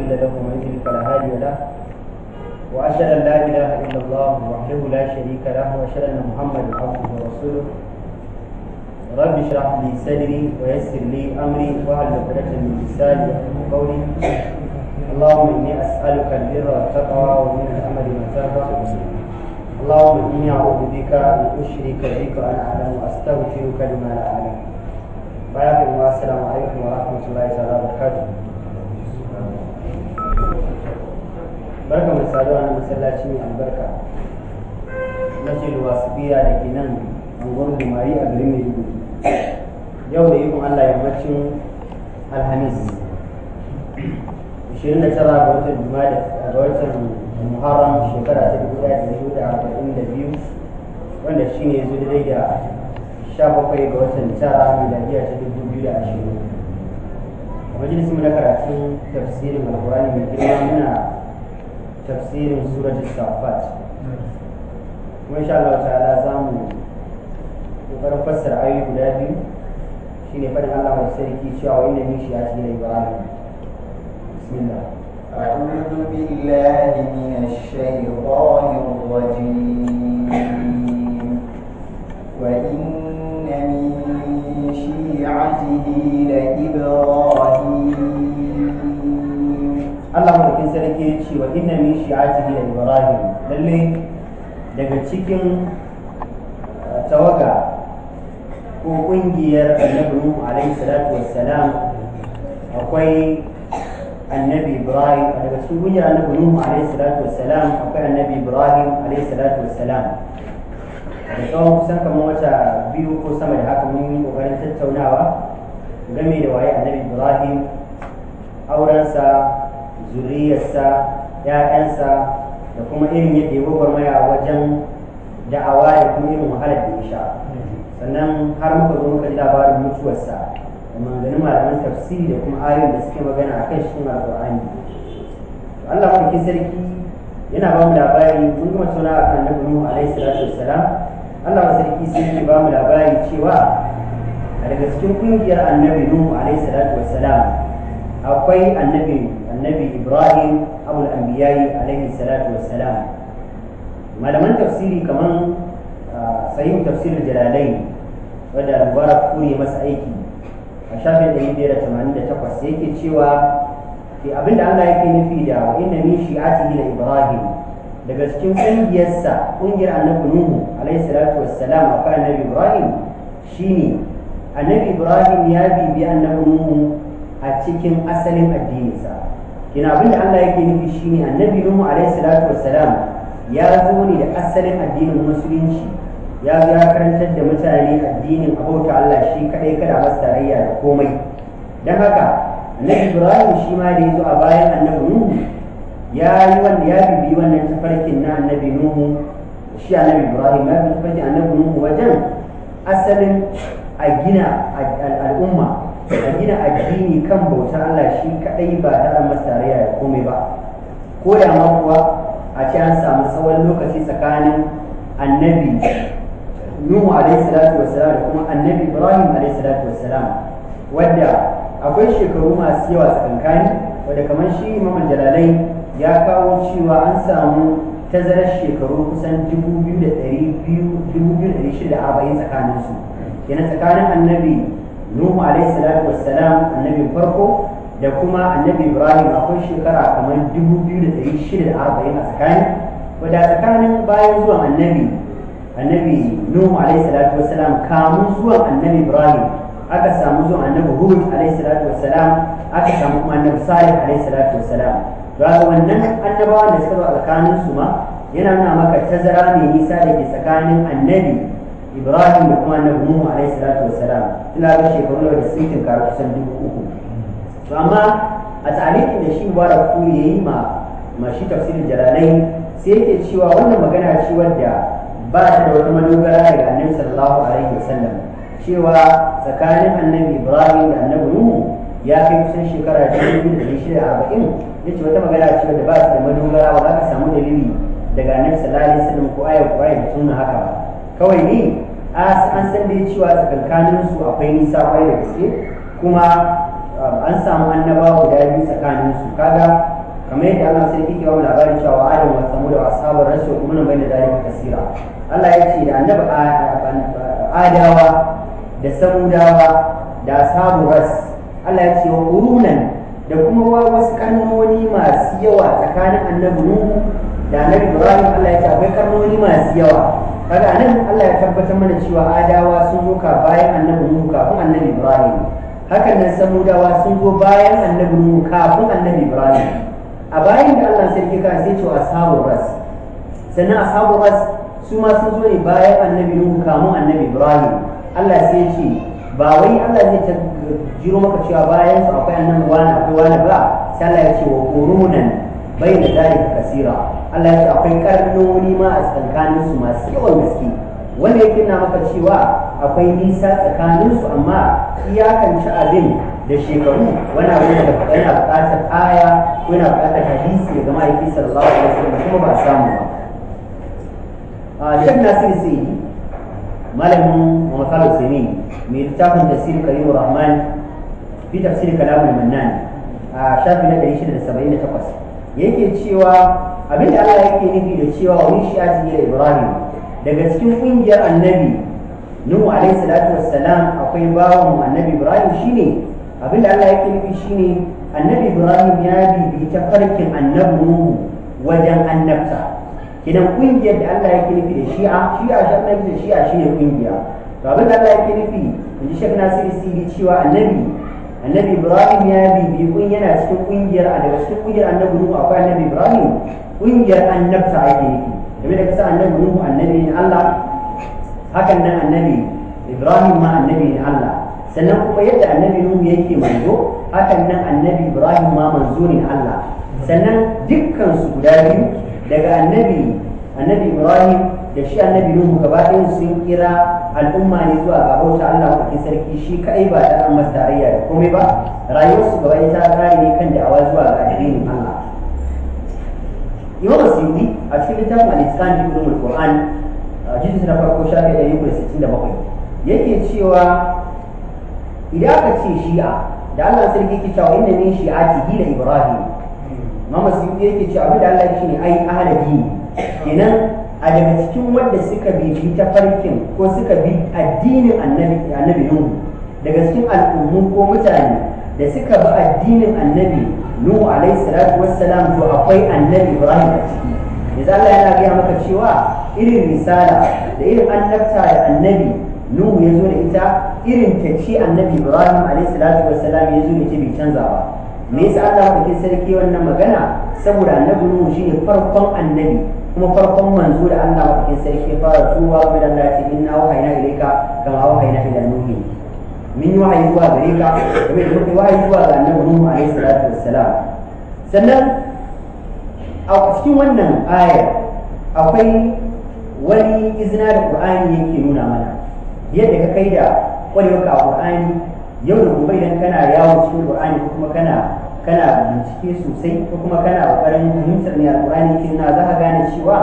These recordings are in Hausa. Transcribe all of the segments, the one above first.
مضل له ومن يضلل فلا هادي له واشهد ان لا اله الا الله وحده لا شريك له واشهد ان محمدا عبده ورسوله رب اشرح لي صدري ويسر لي امري واهل عقدة من لساني يفقهوا قولي اللهم اني اسالك البر والتقوى ومن الامر ما اللهم اني اعوذ بك ان اشرك بك وانا اعلم واستغفرك لما لا اعلم. السلام عليكم ورحمه الله تعالى وبركاته. barka mai saduwa na masallaci mai albarka na ce da ke nan angon gumari a garin maiduguri yau da ikon allah yammacin alhamis 29 ga watan jima'a ga watan muharram shekara ta dubu daya da dubu da arba'in da biyu wanda shi ne zo daidai da sha bakwai ga watan tara miladiya ta dubu biyu da ashirin majalisun na karatun tafsirin alkurani mai girma muna tafsirin suratul safat kuma insha Allah ta'ala za mu kokarin fassara ayoyi guda biyu shine faɗin Allah mai sarki cewa wa inna min shi'ati la ibrahim bismillah أعوذ بالله من الشيطان الرجيم وإن من شيعته لإبراهيم Allah madaukin sarki ya ce wa inna min shi'atihi da Ibrahim lalle daga cikin uh, tawaga ko kungiyar annabi Nuhu alaihi salatu wassalam akwai annabi Ibrahim daga cikin kungiyar annabi Nuhu alaihi salatu wassalam akwai annabi Ibrahim alaihi salatu wassalam da tsawon kusan kamar wata biyu ko sama da haka mun yi kokarin tattaunawa game da waye annabi Ibrahim aurensa zuriyarsa ‘ya'yansa da kuma irin yadda ya gwagwarmaya wajen da'awa da kuma irin wahalar da ya sha sannan har muka zo muka ji labarin mutuwarsa da maganganun malaman tafsiri da kuma ayoyin da suke magana a kan cikin alƙur'ani Allah kuma sarki yana ba mu labari mun gama tuna a kan nabi Nuhu alaihi salatu wassalam Allah wa sarki sai yake ba mu labari cewa a daga cikin kungiyar annabi Nuhu alaihi salatu wassalam akwai annabi annabi ibrahim abul anbiya'i alaihi salatu wassalam malaman tafsiri kamar ah, sahih tafsir jalalain wadda mubarak kure masa aiki a shafin ɗari biyar da tamanin da takwas yake cewa ke abinda Allah yake nufi da wa inna min shi'atihi ibrahim daga cikin ƙungiyarsa ƙungiyar annabi nuhu alaihi salatu wassalam akwai annabi ibrahim shine annabi ibrahim ya bibi annabi nuhu a cikin asalin addininsa kina abinda Allah yake nufi shine annabi Nuhu alaihi salatu wassalam ya zo ne da asalin addinin musulunci ya zo ya karantar da mutane addinin abota Allah shi kadai kada masu tarayya da komai don haka annabi Ibrahim shi ma da ya a bayan annabi Nuhu ya yi wanda ya wannan tafarkin na annabi Nuhu shi annabi Ibrahim ya bibi annabi Nuhu wajen asalin a gina al'umma a gina addini kan bauta Allah shi kaɗai ba tare masa tarayya ya komai ba ko da ma kuwa a ce an samu tsawon lokaci tsakanin annabi Nuhu alaihi salatu salam da kuma annabi Ibrahim alaihi salatu salam wadda akwai shekaru masu yawa tsakankani wadda kamar shi Imam Jalalai ya kawo cewa an samu tazarar shekaru kusan 2,240 tsakaninsu kenan tsakanin annabi nuhu alaihi salatu wassalam annabin farko da kuma annabi ibrahim akwai shekara kamar dubu biyu da da shida arba'in a tsakani wadda tsakanin bayan zuwa annabi annabi nuhu alaihi salatu wassalam kamun zuwan annabi ibrahim aka samu zuwa annabi hud alaihi salatu wassalam aka samu kuma annabi salih alaihi salatu wassalam to wannan annabawan da suka zo a tsakanin su ma yana nuna maka tazara mai nisa da ke tsakanin annabi ibrahim da kuma annabi nuhu alayhi salatu salam ina da shekaru da sun tinkara kusan dubu uku to amma a ta'alikin da shi mubarak kuri yayi ma ma shi tafsirin jalalai sai yake cewa wannan magana ce wadda ba ta da wata madogara daga annabi sallallahu alaihi wasallam cewa tsakanin annabi ibrahim da annabi nuhu ya kai kusan shekara dubu da shida arba'in ya ce wata magana ce wadda ba ta da madogara ba za ka samu dalili daga annabi sallallahu alaihi wasallam ko ayar ko ayar da sunna haka ba kawai ne an san da cewa tsakankanin su akwai nisa kwarai da gaske kuma um, an samu annaba guda biyu tsakanin su kaga kamar yadda Allah sai yake ba mu labarin cewa Adam wa Samud wa ashabar rasul kuma nan bayyana dalilin kasira Allah ya ce da annabi Adawa da Samudawa da ashabu ras Allah ya ce wa qurunan da kuma wasu karnoni masu yawa tsakanin annabi Nuhu da annabi Ibrahim Allah ya ce akwai karnoni masu yawa kaga anan Allah ya tabbatar mana cewa adawa sun zo ka bayan annabi Nuhu kafin annabi Ibrahim hakan nan samudawa sun zo bayan annabi Nuhu kafin annabi Ibrahim a bayan da Allah sai ka sai to ashabu ras sannan ashabu ras su ma sun zo ne bayan annabi Nuhu kafin annabi Ibrahim Allah sai ce ba wai Allah zai ta jiro maka cewa bayan su akwai annabi wani akwai wani ba sai Allah ya ce wa qurunan bayyana dalika kasira Allah ya ce akwai karnoni ma a tsakanin su masu yawan gaske wanda yake na maka cewa akwai nisa tsakanin su amma iyakanci abin da shekaru wani abin da yana buƙatar aya ko yana buƙatar hadisi daga ma'aiki sallallahu alaihi wasallam kuma ba samu ba Sheikh Nasir sai malamin Muhammad al mai littafin tafsir Karim Rahman fi tafsir kalamul Mannan a shafi na 678 yake cewa da Allah yake nufi da cewa wa min shi'ati da Ibrahim daga cikin ƙungiyar annabi Nuhu alaihi salatu wassalam akwai bawan annabi Ibrahim shine da Allah yake nufi shine annabi Ibrahim ya bibi ta farkin annabi Nuhu wajen annabta kidan ƙungiyar da Allah yake nufi da shi'a shi'a shi Allah yake da shi'a shine ƙungiya to da Allah yake nufi in ji Sheikh Nasir Sidi cewa annabi annabi ibrahim ya bibi kun yana cikin kungiyar a daga cikin kungiyar annabi nuhu akwai annabi ibrahim kungiyar annabta ake yi game da kasa annabi nuhu annabi ne allah hakan nan annabi ibrahim ma annabi ne allah sannan kuma yadda annabi nuhu yake manzo hakan nan annabi ibrahim ma manzo ne allah sannan dukkan su guda biyu daga annabi annabi ibrahim da shi annabi nuhu gaba ɗayan sun kira al'umma ne zuwa ga bauta Allah kwakin sarki shi kaɗai ba da an tarayya da komai ba rayuwarsu gaba ɗaya ta kare ne kan da'awa zuwa ga addinin Allah Imam Sindi a cikin littafin Al-Iskan bi Ulumul Qur'an jizgi na farko shafi ɗari uku da sittin da bakwai yake cewa idan aka ce shi'a da Allah sarki ke cewa inna min shi'ati hila Ibrahim Imam Sindi yake cewa abin da Allah ya ce ne ai ahladi kenan a daga cikin wanda suka bi ta farkin ko suka bi addinin annabi annabi nuhu daga cikin al'ummu ko mutane da suka bi addinin annabi nuhu alaihi salatu wassalam to akwai annabi ibrahim a ciki yanzu Allah yana gaya maka cewa irin risala da irin annabta da annabi nuhu ya zo da ita irin ta ce annabi ibrahim alaihi salatu wassalam ya zo da ita bai canza ba me yasa Allah kuke sarki wannan magana saboda annabi nuhu shine farkon annabi kuma farkon manzo da Allah madaukakin sarki ya fara tuwa kuma da Allah ya ce inna wahayna ilayka kama wahayna ila nuhi min wahayi zuwa gare ka kamar da muke wahayi zuwa ga annabi Nuhu alaihi salatu wassalam sannan a cikin wannan aya akwai wani izina da Qur'ani yake nuna mana yadda ka kai da kwarewarka a Qur'ani yau da gobe idan kana yawo cikin Qur'ani ko kuma kana kana bincike sosai ko kuma kana ƙoƙarin fahimtar ne alƙur'ani shi na za ka gane cewa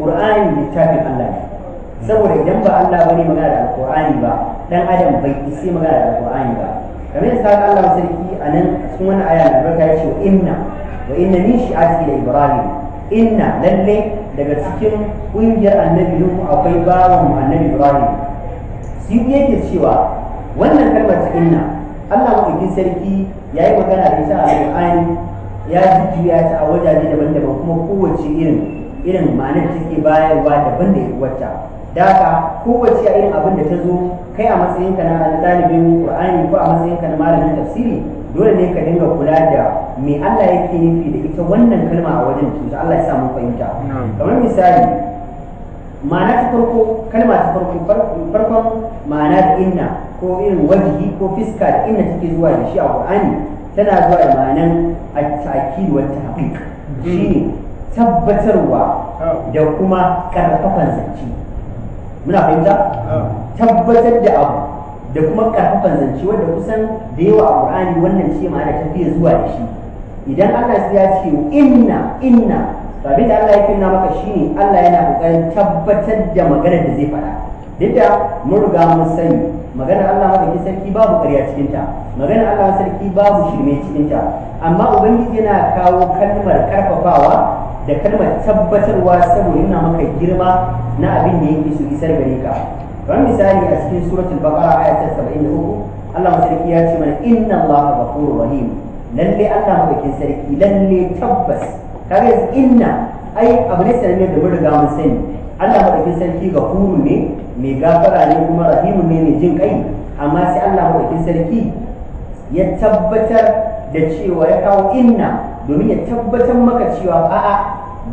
ƙur'ani littafin Allah ne saboda idan ba Allah bane magana da alƙur'ani ba dan adam bai isi magana da alƙur'ani ba kamar yadda saka Allah sarki a nan cikin wannan aya da barka ya ce inna wa inna min shi'ati da ibrahim inna lalle daga cikin ƙungiyar annabi Nuhu akwai bawan annabi ibrahim shi yake cewa wannan kalmar ta inna Allah maɗaukin sarki ya yi magana da ita a alƙur'ani ya jujjuya ta a wajaje daban-daban kuma kowace irin irin ma'anar take bayarwa daban da wata da haka kowace a irin abin da ta zo kai a matsayinka na ɗalibin ƙur'ani ko a matsayinka na malamin tafsiri dole ne ka dinga kula da me Allah yake nufi da ita wannan kalma a wajen cuta. Allah ya samu fahimta kamar misali ma'ana ta farko kalma ta farko farkon ma'ana da inna ko irin wajihi ko fiska da inna take zuwa da shi a qur'ani tana zuwa da ma'anan at-ta'kid wa tahqiq shine tabbatarwa da kuma karfafan zance muna fahimta tabbatar da abu da kuma karfafan zance wanda kusan da yawa a qur'ani wannan ce ma'ana tafiya zuwa da shi idan ana ya ce inna inna abin da Allah ya kunna maka ne, Allah yana kokarin tabbatar da maganar da zai faɗa duk da mun riga mun sani maganar Allah ki sarki babu ƙarya cikin ta maganar Allah sarki babu shirme cikin ta amma ubangiji yana kawo kalmar karfafawa da kalmar tabbatarwa saboda yana maka girma na abin da yake so isar gare ka kamar misali a cikin suratul baqara aya ta 73 Allah sarki ya ce mana inna Allah ghafurur rahim lalle Allah madaukakin sarki lalle tabbas kare inna ai abu ne ne da mun riga mun sani Allah madaukin sarki ga huru ne mai gafara ne kuma rahimu ne mai jin kai amma sai Allah madaukin sarki ya tabbatar da cewa ya kawo inna domin ya tabbatar maka cewa a'a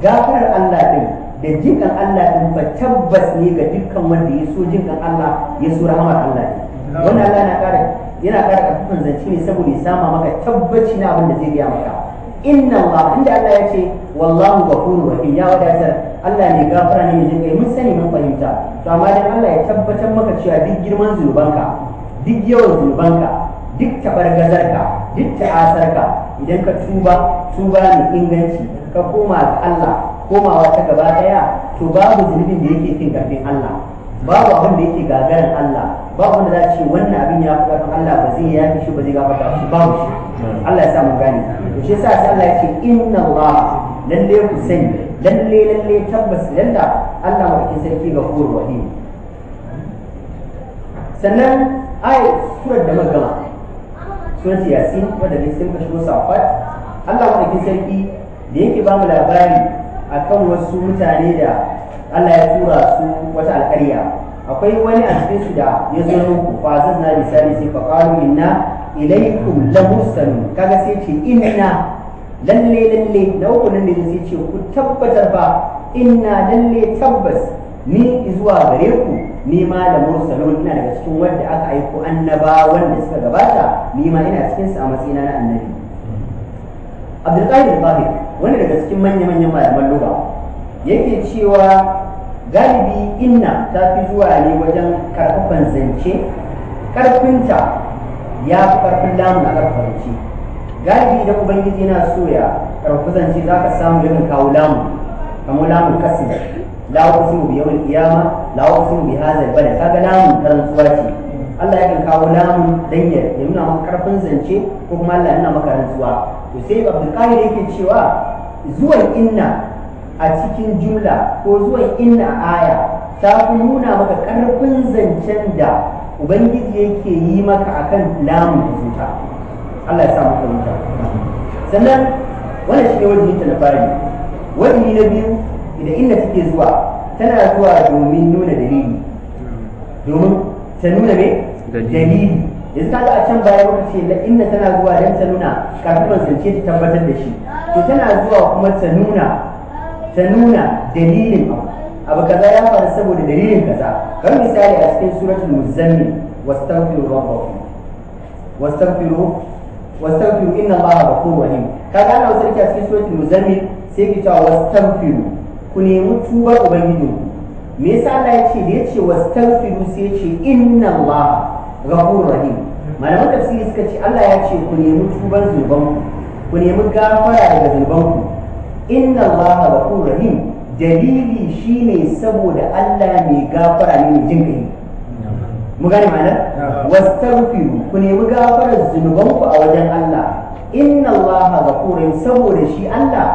gafarar Allah din da jikan Allah din ba tabbas ne ga dukkan wanda ya so jinkan Allah ya so rahamar Allah ne wannan Allah yana ƙara yana ƙara zance ne saboda ya sama maka tabbaci na abin da zai biya maka inna Allah inda Allah ya ce wallahu ghafurur rahim ya wadatar Allah ne gafara ne jin kai mun sani mun fahimta to amma dan Allah ya tabbatar maka cewa duk girman zunubanka duk yawan zunubanka duk ka, duk ta'asarka idan ka tuba tuba ne inganci ka koma ga Allah komawa ta gaba daya to babu zunubin da yake kin karfin Allah babu abin da yake gagarin Allah babu wanda za ce wannan abin ya fi ƙarfin Allah ba zai yafi shi ba zai da shi babu shi Allah ya sa mu gane to shi yasa sai Allah ya ce inna Allah lalle ku sani lalle lalle tabbas lalla Allah madaukakin sarki ga gafurur wahi sannan ai surar da magana surat yasin wanda ne sun kashe safat Allah madaukakin sarki da yake ba mu labari akan wasu mutane da Allah ya tura su wata alƙarya akwai wani a cikin su da ya zo muku fa zanna bi sai fa qalu inna ilaykum lamursalun kaga sai ce inna lalle lalle na uku nan da sai ce ku tabbatar ba inna lalle tabbas ni zuwa gare ku ni ma da mursalun ina daga cikin wanda aka aiko annaba wanda suka gabata ni ma ina cikin su a matsayina na annabi Qadir Zahir wani daga cikin manya-manyan malaman lugha yake cewa galibi inna ta fi zuwa ne wajen karfafan zance karfinta ya fi karfin lamun a karfarci galibi idan ubangiji yana so ya zance za ka samu yawan kawo lamun kamar lamun kasin su mu bi yawmil qiyama su mu bi hadha al ga lamun rantsuwa ce Allah yakan kawo lamun dan ya nuna maka karfin zance ko kuma Allah ya nuna maka rantsuwa to sai Abdul yake cewa zuwan inna a cikin jumla ko zuwan inna aya ta fi nuna maka karfin zancen da ubangiji yake yi maka akan lamun da zuta Allah ya sa maka wuta sannan wannan shi ne wajibi na fari wajibi na biyu idan inna take zuwa tana zuwa domin nuna dalili domin ta nuna me dalili yanzu kaga a can baya maka ce la inna tana zuwa don ta nuna kafin zance ta tabbatar da shi to tana zuwa kuma ta nuna ta nuna dalilin abu abu kaza ya faru saboda dalilin kaza kamar misali a cikin suratul muzammil wastaghfiru rabbakum wastaghfiru wastaghfiru inna allaha ghafurur rahim kaga ana wasu a cikin suratul muzammil sai ki cewa wastaghfiru ku nemi tubar ubangiji me yasa Allah ya ce da ya ce wastaghfiru sai ya ce inna allaha ghafurur rahim malaman tafsiri suka ce Allah ya ce ku nemi tubar zunubanku ku nemi gafara daga zunubanku inna allaha wa rahim dalili shine saboda Allah mai gafara ne mai jin mu gane ma'ana wastaghfiru ku nemi gafarar zunubanku a wajen Allah inna allaha wa rahim saboda shi Allah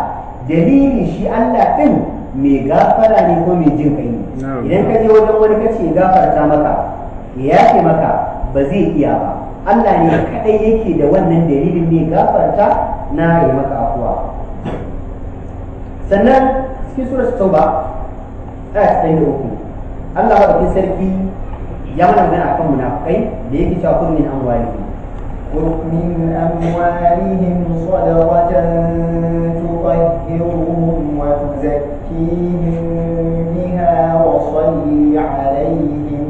dalili shi Allah din mai gafara ne ko mai jinkai idan ka je wajen wani kace gafarta maka ya ke maka ba zai iya ba Allah ne kadai yake da wannan dalilin mai gafarta na yi maka سنة في سورة التوبة آيات آه، تاني ركن الله رب كل سرقي يمنع من أبقين منافقين ليك من أموالهم خذ من أموالهم صدقة تطهرهم وتزكيهم بها وصلي عليهم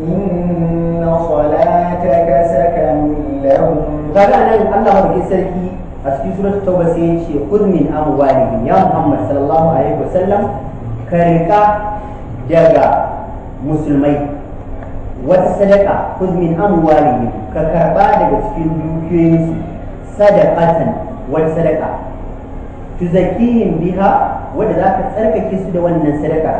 إن صلاتك سكن لهم قال أنا الله رب a cikin surat tauba sai ya ce kud min amwalihim ya muhammad sallallahu alaihi wasallam ka rika daga musulmai wata sadaka kud min amwalihim ka karba daga cikin dukiyoyinsu sadaqatan wata sadaka tuzakihim biha wanda zaka tsarkake su da wannan sadaka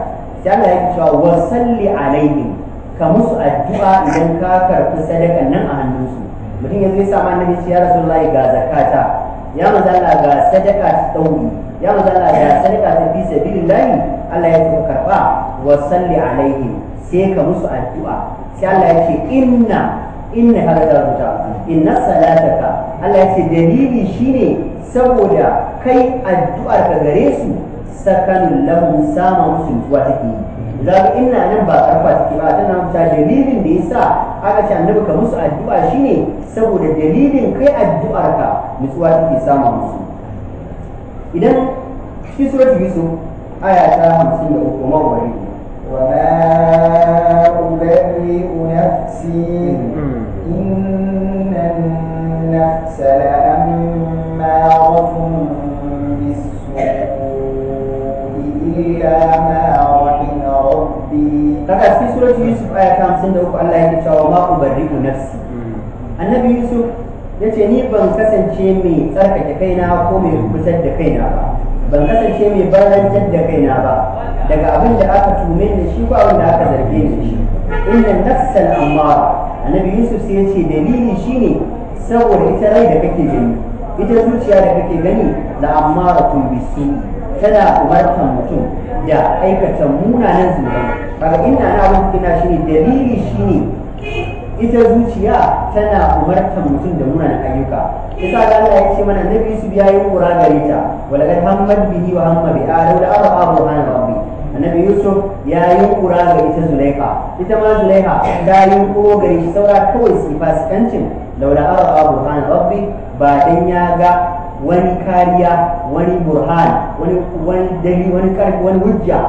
sai Allah ya cewa wa salli alaihim ka musu addu'a idan ka karbi sadakan nan a hannunsu mutum yanzu ya sa ma annabi ya rasulullahi ga zakata ya mazala ga sadaka ta dauri ya mazala ga sadaka ta fi layi Allah ya tuka karba wa salli alaihi sai ka musu addu'a sai Allah ya ce inna inna hada da inna salataka Allah ya ce dalili shine saboda kai addu'ar ka gare su sakan lahum sama musu zuwa ke yi zaka inna nan ba karfa take ba tana ta dalilin da yasa aka ce annabi ka musu addu'a shine saboda dalilin kai addu'a ka nutsuwa take sama musu idan cikin surati yusuf aya ta 53 kuma wari wa ma ubari nafsi inna nafsa la'amma rafun bisu illa kaga cikin suratul yusuf aya ta 53 Allah yake cewa ma ubarri'u nafsi mm. annabi yusuf yace ni ban kasance mai tsarkake kaina ko mai kubutar da kaina ba ban kasance mai barrancar da kaina ba daga abin da aka tume ni shi ko abin da aka zarge ni shi inna nafsal amara annabi yusuf sai yace dalili shine saboda ita rai da kake gani ita zuciya da kake gani la amma tun bisu tana umartan mutum da aikata munanan zunubai kaga ina na abin kina shine dalili shine ita zuciya tana umartar mutum da munanan ayyuka yasa ga Allah ya ce mana nabi su biya yi kura gare ta wala kad hammad bihi wa hamma bi ala da a abu hana rabbi annabi yusuf ya yi kura ga ita Zulaiha. ita ma Zulaiha ta yi kuro gare shi saura kawai su fasikancin abu hana rabbi ba dan ya ga wani kariya wani burhan wani wani dali wani karfi wani hujja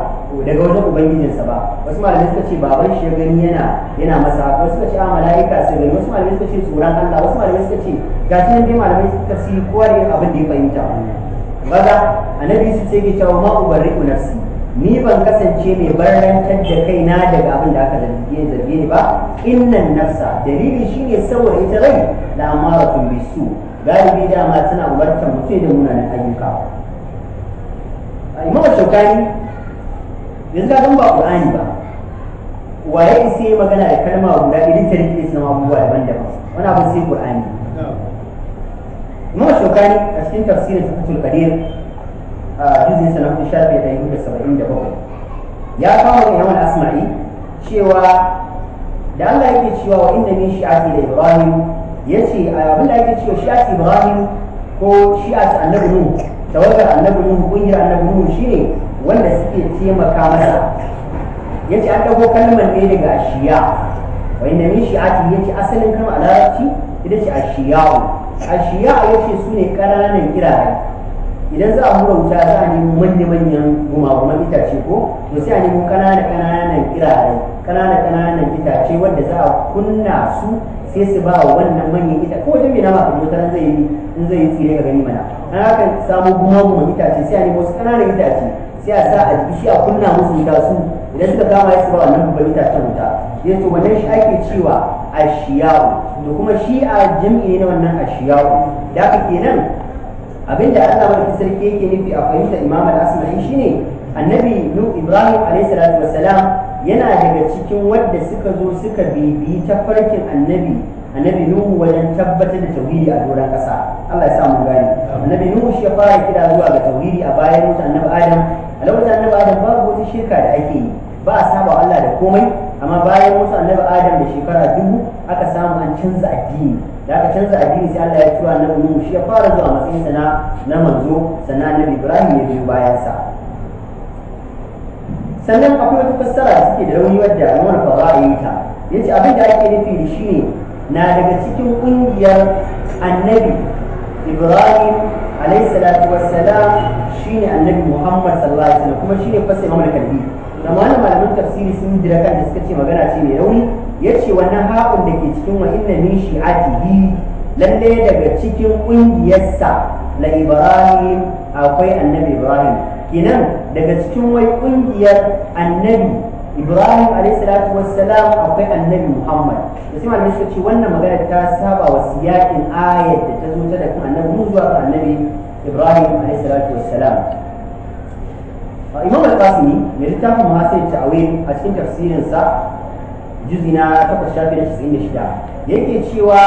daga wajen ubangijinsa ba wasu malamai suka ce baban shi ya gani yana yana masa haka wasu suka ce a mala'ika sai gani wasu malamai suka ce tsoron Allah wasu malamai suka ce ga shi nan dai malamai suka ci kowa abin da ya fahimta kaga annabi su ce ke cewa ma ubarriku nafsi ni ban kasance mai barantar da kaina daga abin da aka zarge zarge ni ba innan nafsa dalili shine saboda ita rai da amara tun bisu galibi dama suna umartar mutum da munanan ayyuka imam shaukani yanzu ban ba qur'ani ba waye isa yi magana da kalma guda idan ta rike suna abubuwa daban-daban wani abu sai qur'ani imam shaukani a cikin tafsirin fatul qadir a juzin sa na hudu shafi da yuhu da saba'in da bakwai ya kama imam al-asma'i cewa da Allah yake cewa wa inna min shi'ati da ibrahim yace abin da ake cewa shi'at ibrahim ko shi'at annabi nuhu tawagar annabi nuhu kungiyar annabi nuhu shine wanda suke taimaka masa ce an dago kalmar ne daga shiya wani inna min shi'ati yace asalin kalmar a larabci ita ce ashiya'u ce yace sune ƙananan kirare idan za a hura wuta za a nemo manya-manyan gumaguman itace ko to sai a nemo ƙananan ƙananan ce wanda za a kunna su sai su ba wannan manyan ita ko wajen mai nama kuma tana zai yi in zai yi tsire ga gani mana an haka samu gumaguman itace sai a nemo wasu kananan itace sai a sa a jiki shi a kunna musu ita su idan suka kama ya su ba wannan babban itacen wuta ya to wannan shi ake cewa ashiyawu da kuma shi a jam'i ne na wannan ashiyawu da haka kenan abinda Allah madaukakin sarki yake nufi a fahimta Imam Al-Asma'i shine annabi Nuh Ibrahim alayhi salatu wassalam yana daga cikin wadda suka zo suka bibiyi ta farkin annabi annabi nuhu wajen tabbatar da tauhidi a doron kasa Allah ya sa mu gani annabi nuhu shi ya fara kira zuwa ga tauhidi a bayan mutu annabi adam a lokacin annabi adam babu wata shirka da ake yi ba a saba Allah da komai amma bayan mutu annabi adam da shekara dubu aka samu an canza addini da aka canza addini sai Allah ya tura annabi nuhu shi ya fara zuwa matsayin sana na manzo sana annabi ibrahim ya biyo bayan sa sannan akwai wata fassara da suke da rauni wadda Umar Fara yi ta yace abin da ake nufi da ne na daga cikin ƙungiyar Annabi Ibrahim alayhi salatu shi ne Annabi Muhammad sallallahu alaihi wasallam kuma shine fassara Imam Kalbi da malaman tafsiri sun jira kan da suka ce magana ce mai rauni yace wannan haƙun da ke cikin wa inna min shi'atihi lalle daga cikin ƙungiyarsa na Ibrahim akwai Annabi Ibrahim kenan daga cikin wai kungiyar annabi ibrahim alaihissalatu wassalam akwai annabi muhammad da sai malamai suka ce wannan magana ta saba wa siyakin ayat da ta zo ta daga annabi mu zuwa ga annabi ibrahim alaihissalatu wassalam imam al-qasimi mai littafin muhasir ta'awil a cikin tafsirinsa juzi na takwas shafi na 96 yake cewa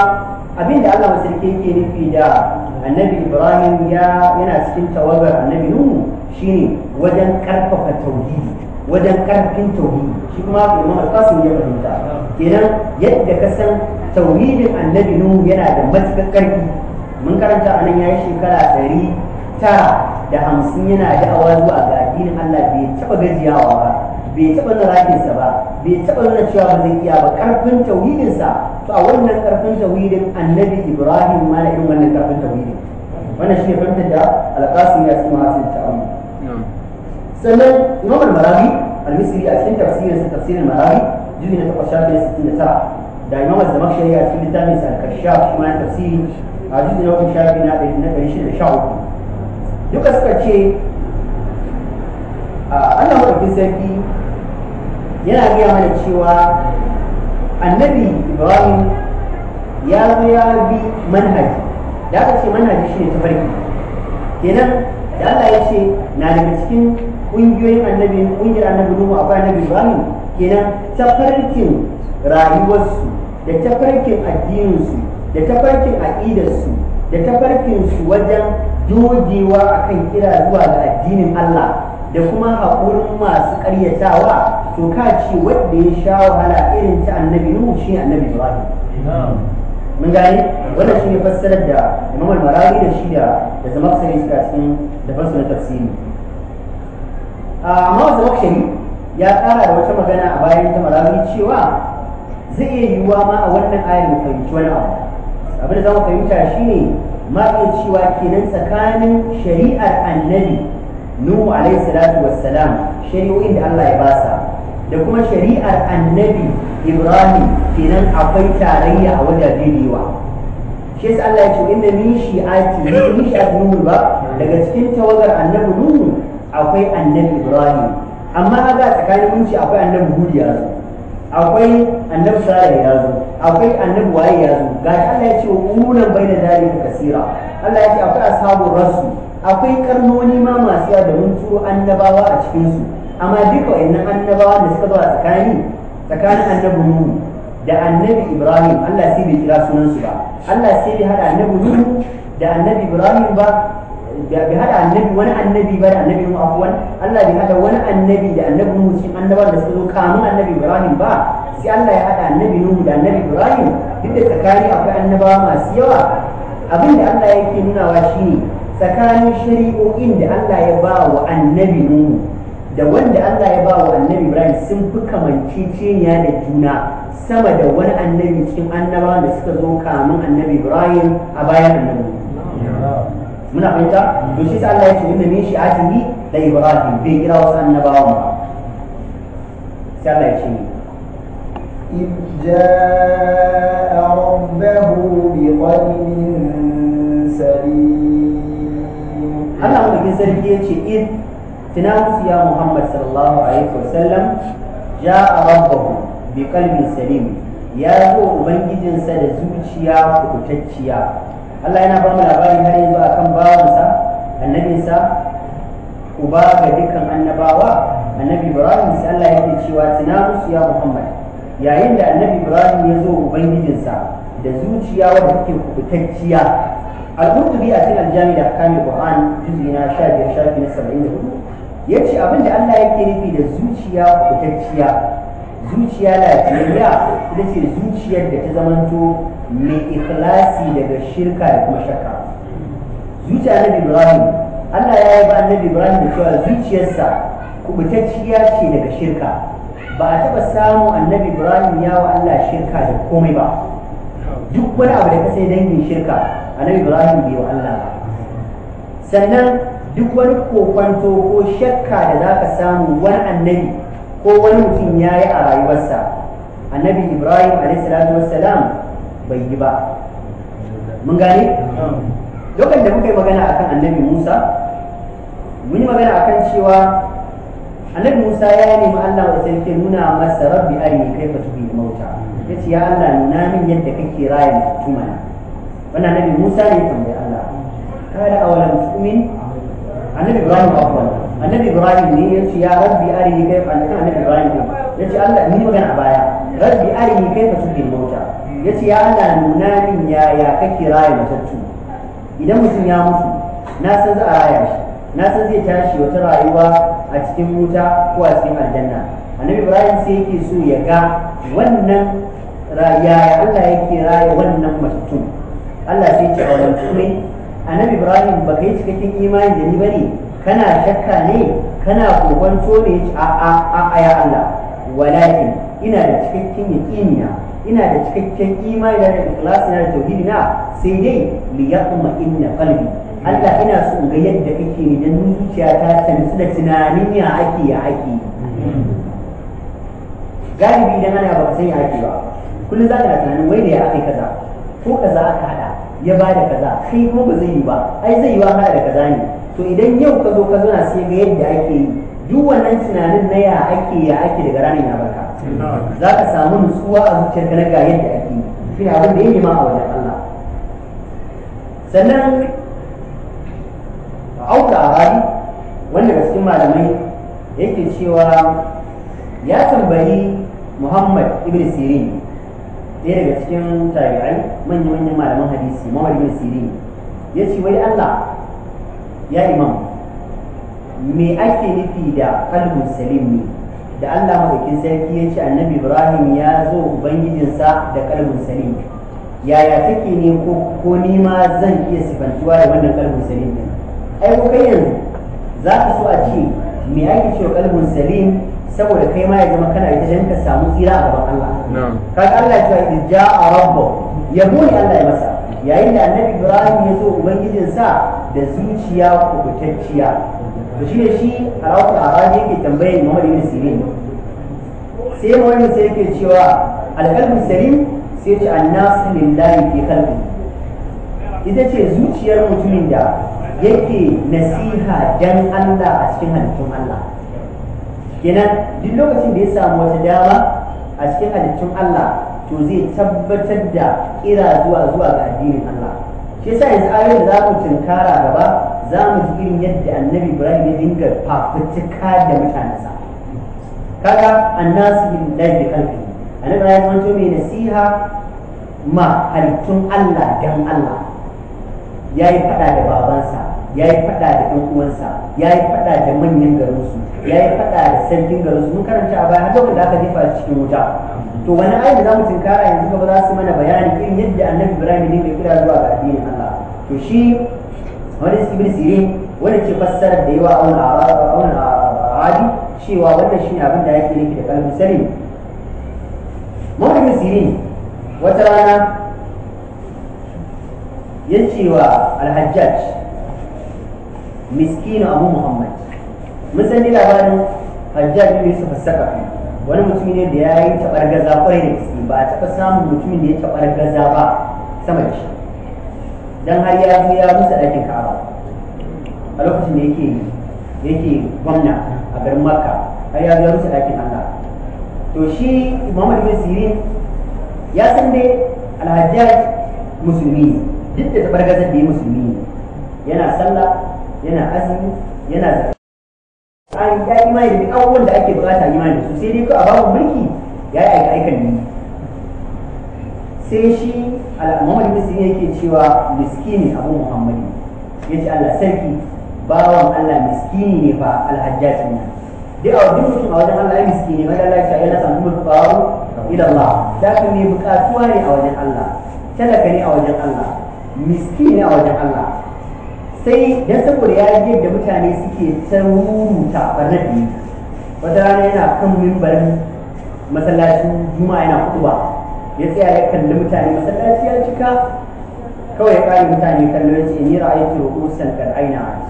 abinda Allah masarki yake nufi da annabi ibrahim ya yana cikin tawagar annabi nuhu shine wajen karfafa tauhidi wajen karfin tauhidi shi kuma imam al ya fahimta kenan yadda ka san tauhidin annabi nuhu yana da matukar karfi mun karanta a nan yayi shekara ɗari tara da hamsin yana da'awa zuwa ga addinin allah bai taɓa gajiyawa ba bai taɓa na rafinsa ba bai taɓa nuna cewa ba zai iya ba ƙarfin tauhidinsa to a wannan ƙarfin tauhidin annabi ibrahim ma na irin wannan ƙarfin tauhidin wannan shi ne fahimtar da alƙasim ya cikin hasil ta'amu sannan imam al-marabi al-misri a cikin tafsirin sa tafsirin marabi juzi na takwas shafin sittin da tara da imam az-zamakhshari a cikin littafin sa al-kashaf shi ma tafsiri a juzi na wani shafi na ɗari shida da sha uku duka suka ce Allah maɗaukin sarki yana gaya mana cewa annabi ibrahim ya zo ya bi manhaji da aka ce manhaji shi ne tafarki kenan da Allah ya ce na daga cikin ƙungiyoyin annabi ƙungiyar annabi nuhu akwai annabi ibrahim kenan tafarkin rayuwarsu da tafarkin addininsu da tafarkin aƙidarsu da tafarkinsu wajen dogewa akan kira zuwa ga addinin Allah da kuma haƙurin masu ƙaryatawa to ka ce wanda ya sha wahala irin ta annabi nuhu shi annabi ibrahim mun gane wannan shi ne fassarar da imam al-marawi da shi da da zamaksari suka cikin da na tafsiri amma zamaksari ya ƙara da wata magana a bayan ta marawi cewa zai iya yiwuwa ma a wannan ayar mu fahimci wani abu abin da za mu fahimta shine ma iya cewa kenan tsakanin shari'ar annabi nuhu alaihi salatu wassalam shari'o'in da Allah ya basa da kuma shari'ar annabi ibrahim kenan akwai tarayya a wajen da yawa shi yasa Allah ya ce inda min shi'ati min shi'ati nuhu ba daga cikin tawagar annabi nuhu akwai annabi ibrahim amma a ga tsakanin mun ce akwai annabi hudu ya zo akwai annabi salih ya zo akwai annabi waye ya zo gashi Allah ya ce wa ululan bayna dalika kasira Allah ya ce akwai ashabur rasul akwai karnoni ma masu yawa da mun turo annabawa a cikinsu amma duka wayannan annabawa da suka zuwa tsakani tsakanin annabi nuhu da annabi ibrahim allah sai bai kira sunansu ba allah sai bai hada annabi nuhu da annabi ibrahim ba da bai hada annabi wani annabi ba da annabi nuhu afwan allah bai hada wani annabi da annabi nuhu cikin annabawa da suka zo kamun annabi ibrahim ba sai allah ya hada annabi nuhu da annabi ibrahim duk da tsakani akwai annabawa masu yawa abin da allah yake nunawa shine tsakanin shari'o'in da Allah ya ba wa annabi Nuhu da wanda Allah ya ba wa annabi Ibrahim sun fi kamanciciniya da juna sama da wani annabi cikin annabawan da suka zo kamun annabi Ibrahim a bayan annabi muna fahimta to shi Allah ya ce inna min shi'atihi la Ibrahim bai kira wasu annabawan ba sai Allah ya ce إذ جاء ربه بقلب سليم Allah mulkin sarki ya ce in tunamusu ya Muhammad sallallahu alaihi wasallam ja a rabbahu bi kalbin salim ya zo ubangijinsa da zuciya kubutacciya Allah yana ba mu labari har yanzu akan bawansa annabinsa uba ga dukkan annabawa annabi Ibrahim sai Allah ce cewa tunamusu ya Muhammad yayin da annabi Ibrahim ya zo ubangijinsa da zuciya wadda take kubutacciya al-qurtubi a cikin al-jami da ahkamul qur'an juz'i na 15 shafi na 74 yace abin da Allah yake nufi da zuciya kubutacciya zuciya lafiyayya ita ce zuciyar da ta zamanto mai ikhlasi daga shirka da kuma shakka zuciya na ibrahim Allah ya yi ba annabi ibrahim da cewa zuciyarsa kubutacciya ce daga shirka ba a taɓa samu annabi ibrahim ya wa Allah shirka da komai ba duk wani abu da ka sai dangin shirka annabi ibrahim bai wa Allah sannan duk wani kokwanto ko shakka da za ka samu wani annabi ko wani mutum ya yi a rayuwarsa annabi ibrahim a.s. wassalam bai yi ba mun gane lokacin da muka yi magana akan annabi musa mun yi magana akan cewa annabi musa ya nemi allah wa sarki nuna masa rabbi arini kai fa tuhi mauta ya ce ya allah nuna min yadda kake raya mutumana wani nabi musa ne tambayi allah kada awalan tu'min annabi ibrahim afwan annabi ibrahim ne ya ce ya rabbi arini kai annabi annabi ibrahim ne ya ce allah ni magana a baya rabbi arini kai fa tudil mota ya ce ya allah nuna min yaya kake raya matattu idan mutum ya mutu na san za a raya shi na san zai tashi wata rayuwa a cikin wuta ko a cikin aljanna annabi ibrahim sai yake so ya ga wannan yaya allah yake raya wannan matattu Allah sai ce a wani kure annabi ibrahim ba yi cikakken imanin da ni bane kana shakka ne kana kokonto ne a a a a ya Allah walakin ina da cikakken yaqini ina da cikakken imani da ikhlasi na tauhidi na sai dai li yaqma inna qalbi Allah ina so ga yadda kake ni dan zuciya ta nutsu da tunanin ya ake ya ake galibi idan ana ba san ya ake ba kullum za ka tunanin wai da ya ake kaza ko kaza aka haɗa ya ba da kaza kai kuma ba zai yi ba ai zai yi wa da kaza ne to idan yau ka zo ka zana sai ga yadda ake yi duk wannan tunanin na ya ake ya ake daga ranar ya barka za ka samu nutsuwa a zuciyar ta na ga yadda ake yi shi abin da ya nema a wajen Allah sannan auka a bari wanda ga cikin malamai yake cewa ya tambayi Muhammad ibn Sirin ɗaya daga cikin tabi'ai manya-manyan malaman hadisi mai sirri ya ce wai Allah ya imam me ake nufi da kalbun salim ne da Allah maɗaukin sarki ya ce annabi Ibrahim ya zo ubangijinsa da kalbun salim yaya take ne ko nima zan iya sifantuwa da wannan kalbun salim ne ai ko kai yanzu za ka so a ce me ake cewa kalbun salim saboda kai ma ya zama kana ita dan ka samu tsira a gaban Allah kaga Allah ya ce a rabbu yabo ne Allah ya masa yayin da annabi Ibrahim ya zo sa da zuciya kubutacciya to shine shi a ta'ala yake tambayar Muhammad ibn Sirin sai Muhammad sai yake cewa alƙalmin salim sai ce annas lillahi fi qalbi ita ce zuciyar mutumin da yake nasiha dan Allah a cikin hannun Allah kenan duk lokacin da ya samu wata dama a cikin halittun Allah to zai tabbatar da kira zuwa zuwa ga addinin Allah shi yasa yanzu ayoyin za mu tunkara gaba za mu ji irin yadda annabi Ibrahim ya dinga fafutuka da mutanensa kaga annasu billahi bi kalbi annabi ya manto mai nasiha ma halittun Allah dan Allah yayi fada da babansa ya yi fada da ɗan uwansa ya yi faɗa da manyan garinsu ya yi faɗa da sarkin garinsu mun karanta a baya lokacin da aka jefa cikin wuta to wani ayi da za mu tunkara yanzu ba za su mana bayani irin yadda annabi ibrahim ne mai kira zuwa ga addinin allah to shi wani ibn sire wani ke fassara da yawa a wani cewa wannan shi ne abin da yake nufi da kalmar sani mawani sire wata rana ya cewa wa alhajjaj miskinu abu muhammad mun san labarin hajjaj bin yusuf saka wani mutum ne da ya yi taɓar gaza kwarai da gaske ba a taba samun mutumin da ya tabar gaza ba sama da shi dan har ya zo ya rusa ɗakin ka'aba a lokacin da yake yake gwamna a garin makka har ya zo ya rusa ɗakin allah to shi muhammad bin sirin ya san dai alhajjaj musulmi duk da tabar gazar da ya musulmi ne yana sallah yana azumi yana an ya mai da abubuwan da ake bukata mai da su sai dai ko a babu mulki ya yi aika aikan ne sai shi al'amuran musulmi yake cewa miskini abu muhammadi ya ce allah sarki bawan allah miskini ne ba alhajjajin nan dai a wajen mutum a wajen allah ya miskini ba da allah ya yana samu mulkawo ila allah da ka ne bukatuwa ne a wajen allah talaka ne a wajen allah miskini ne a wajen allah sai da saboda ya yi da mutane suke ta rubuta barnabi wata rana yana kan mimbarin masallacin juma'a yana kutuba ya tsaya ya kalli mutane masallaci ya cika kawai ya kare mutane kallo ya ce ni ra'aytu san kal aina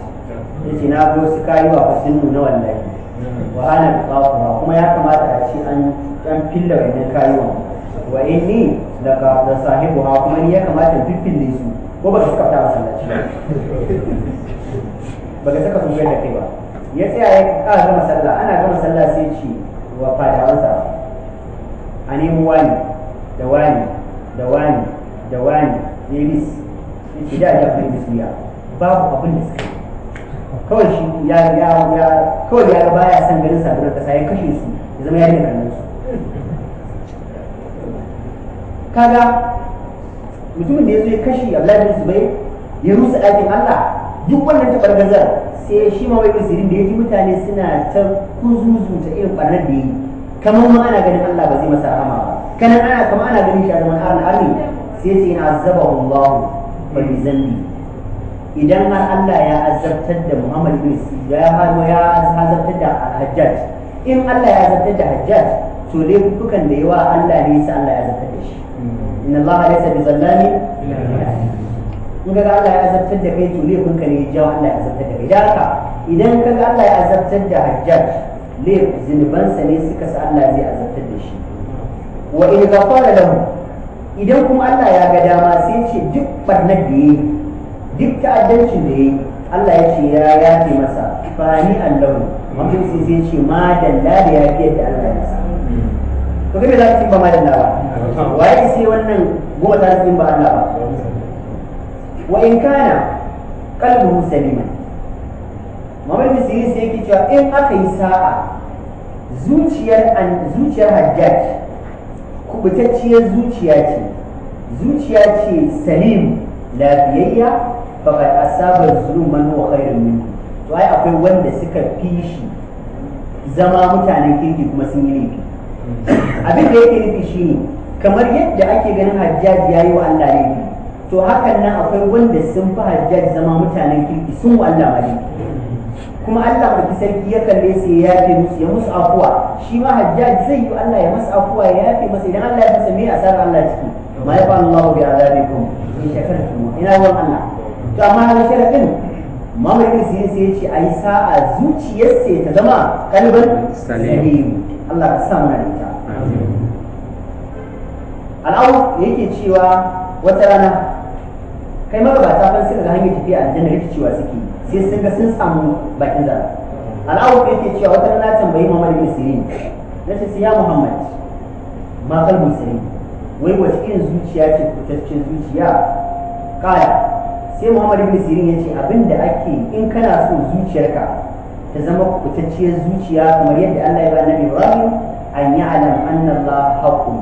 ya ce na go su kayi wa fasin nuna wallahi wa ana qafura kuma ya kamata a ce an dan filla wannan kayuwa wa inni daga da sahibu ha kuma ni ya kamata in su ko ba ka saka ta masallaci ba ka saka sun da kai ba ya tsaya ya ƙara gama sallah ana zama sallah sai ce wa fadawansa a nemi wani da wani da wani da wani ya yi bis ya da ya fi ba ku abin da suka yi kawai shi ya ya ya kawai ga baya son ganin sabuwar kasa ya kashe su ya zama ya rika kallon su mutumin da ya zo ya kashe Abdullahi bin Zubair ya rusa ɗakin Allah duk wannan tabargazar sai shi ma wai da ya ci mutane suna ta kuzuzu ta irin barnar da ya yi kamar ma ana ganin Allah ba zai masa rahama ba kana ana kamar ana ganin shi a zaman arna arni sai na azabahu Allah fa bi zambi idan har Allah ya azabtar da Muhammad bin Sirin ya ya azabtar da Hajjaj in Allah ya azabtar da Hajjaj to dai da yawa Allah ne sai Allah ya azabtar da shi inna allaha laysa bi zallami in ga Allah ya azabtar da kai to laifin ka ne ya jawo Allah ya azabtar da kai da haka idan ka ga Allah ya azabtar da hajjaj laifin zunubansa ne suka sa Allah zai azabtar da shi wa in ghafara lahu idan kuma Allah ya ga dama sai ce duk barnar da yayi duk ta'addancin da yayi Allah ya ce ya yafe masa fani allahu mutum sai sai ce ma dalla da yafiyar da Allah ya masa to kai za ka simba ma dalla ba wa ya sai wannan goma ta simba Allah ba wa in kana qalbuhu saliman Muhammad bin sai yake cewa in aka yi sa'a zuciyar an zuciyar Hajjaj kubutacciyar zuciya ce zuciya ce salim lafiyayya faqad asaba zulman wa khairun minhu to ai akwai wanda suka fi shi zama mutanen kirki kuma sun yi laifi abin da yake nufi ne kamar yadda ake ganin hajjaji ya yi wa Allah ne to hakan nan akwai wanda sun fi hajjaji zama mutanen kirki sun wa Allah laifi kuma Allah baki sarki ya kalle su ya yafe musu ya musu afuwa shi ma hajjaji zai yi Allah ya masa afuwa ya yafe masa idan Allah ya masa me asara Allah ciki ma ya fa Allah bi azabikum in shakartum ina wan Allah to amma har sharadin mamaki sai sai ya ce ai sa'a zuciyarsa ta zama kalban salim Allah ka sa da ita al'awu da yake cewa wata rana kai magabata ban suka ga hanyar tafiya a aljanna cewa suke sai sun ga sun samu bakin zara al'awu da yake cewa wata rana tambayi mamar ibn sirin na ce ya muhammad ma kalbi sirin wai wace irin zuciya ce kutaccen zuciya kaya sai muhammad bin sirin ya ce abinda ake in kana so zuciyarka ta zama kubutacciyar zuciya kamar yadda Allah ya ba Nabi Ibrahim an ya'lam anna Allah haqqun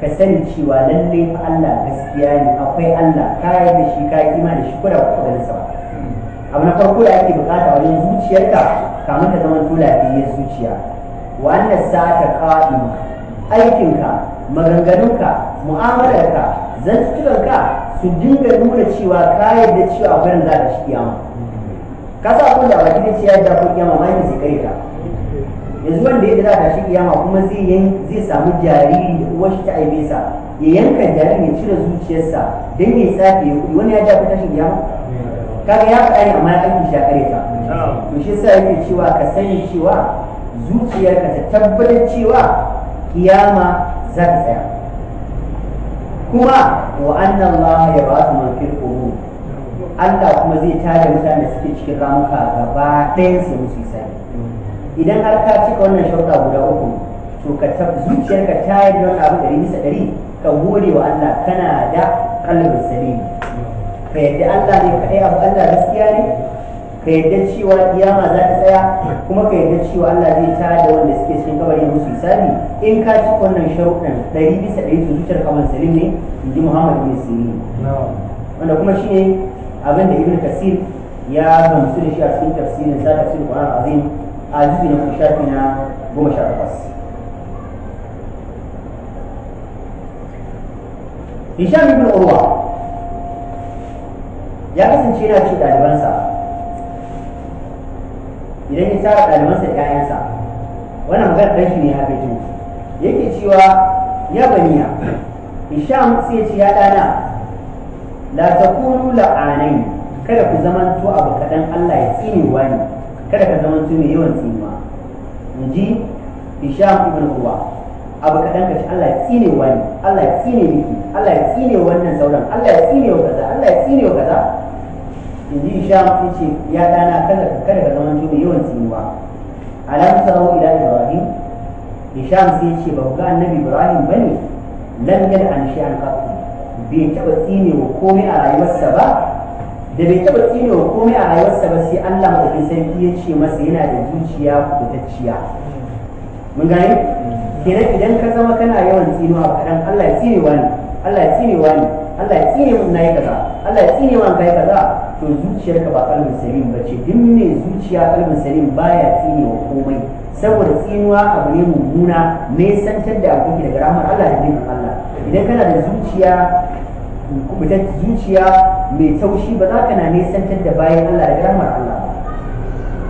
ka sani cewa lalle fa Allah gaskiya ne akwai Allah ka da shi ka yi imani shi da ku da nasaba. abu na farko da ake bukata wajen zuciyarka kamar ka zama to lafiyayyar zuciya wa anna sa'ata qa'ima aikinka maganganunka mu'amalarka zantukanka su dinga nuna cewa ka yarda cewa barin za ta shi kiyama ka sa abin da baki zai ya ja kiyama ma kai ta yanzu wanda ya jira a shi kiyama kuma zai zai samu jariri da uwar shi ta aibe sa ya yanka jariri ya cire zuciyarsa dan ya tsafe ya kudi wani ya ja tashin kiyama kaga ya fi amma ya kake shi ya kare ta to shi sa yake cewa ka sani cewa zuciyarka ta tabbatar cewa kiyama za ta tsaya kuma wa annan ya ba su mafi Allah kuma zai tada mutane da suke cikin ramuka gaba ɗayan su musu sai idan har ka cika wannan sharuɗa guda uku to ka tab zuciyarka ta yi abu ɗari bisa ɗari ka gode wa Allah kana da kalbin salim ka yadda Allah ne kaɗai abu Allah gaskiya ne ka yadda cewa kiyama za ta tsaya kuma ka yadda cewa Allah zai tada wanda suke cikin kabarin musu hisabi in ka cika wannan sharuɗan ɗari bisa ɗari to zuciyar kamar salim ne in ji Muhammad bin Sirin wanda kuma shine abin da ibn kasir ya gamsu da shi a cikin tafsirin sa tafsir Qur'an azim a jiki na shafi na goma sha takwas Hisham ibn Urwa ya kasance yana ci ɗalibansa idan ya tara ɗalibansa da ƴaƴansa wannan magana ɗan shi ne ya fito yake cewa ya baniya Hisham sai ya ce ya ɗana la takunu la'anai kada ku zaman to abu kadan Allah ya tsine wani kada ka zaman to mai yawan tsima. inji Hisham ibn Urwa abu kadan ka ci Allah ya tsine wani Allah ya tsine miki Allah ya tsine wannan sauran Allah ya tsine wa kaza Allah ya tsine wa kaza inji Hisham yace ya dana kada kada ka zaman to mai yawan tsinuwa alam sarau ila Ibrahim Hisham sai ya ce ba ku ga annabi Ibrahim bane lam yal'an shay'an qat bai taɓa tsine wa komai a rayuwarsa ba da bai taɓa tsine wa komai a rayuwarsa ba sai Allah madaukakin sarki ya ce masa yana da zuciya kubutacciya mun gane kenan idan ka zama kana yawan tsinuwa kaɗan Allah ya tsinewa ne Allah ya tsinewa ne Allah ya tsine mun nayi kaza Allah ya tsine mun kai kaza to zuciyarka ba kalmin salim ba ce duk mai zuciya kalmin salim baya tsinewa komai saboda tsinuwa abu ne mummuna ne santar da aboki daga ramar Allah da jikin Allah idan kana da zuciya kubutar zuciya mai taushi ba za ka na nesantar da bayan Allah da rahmar Allah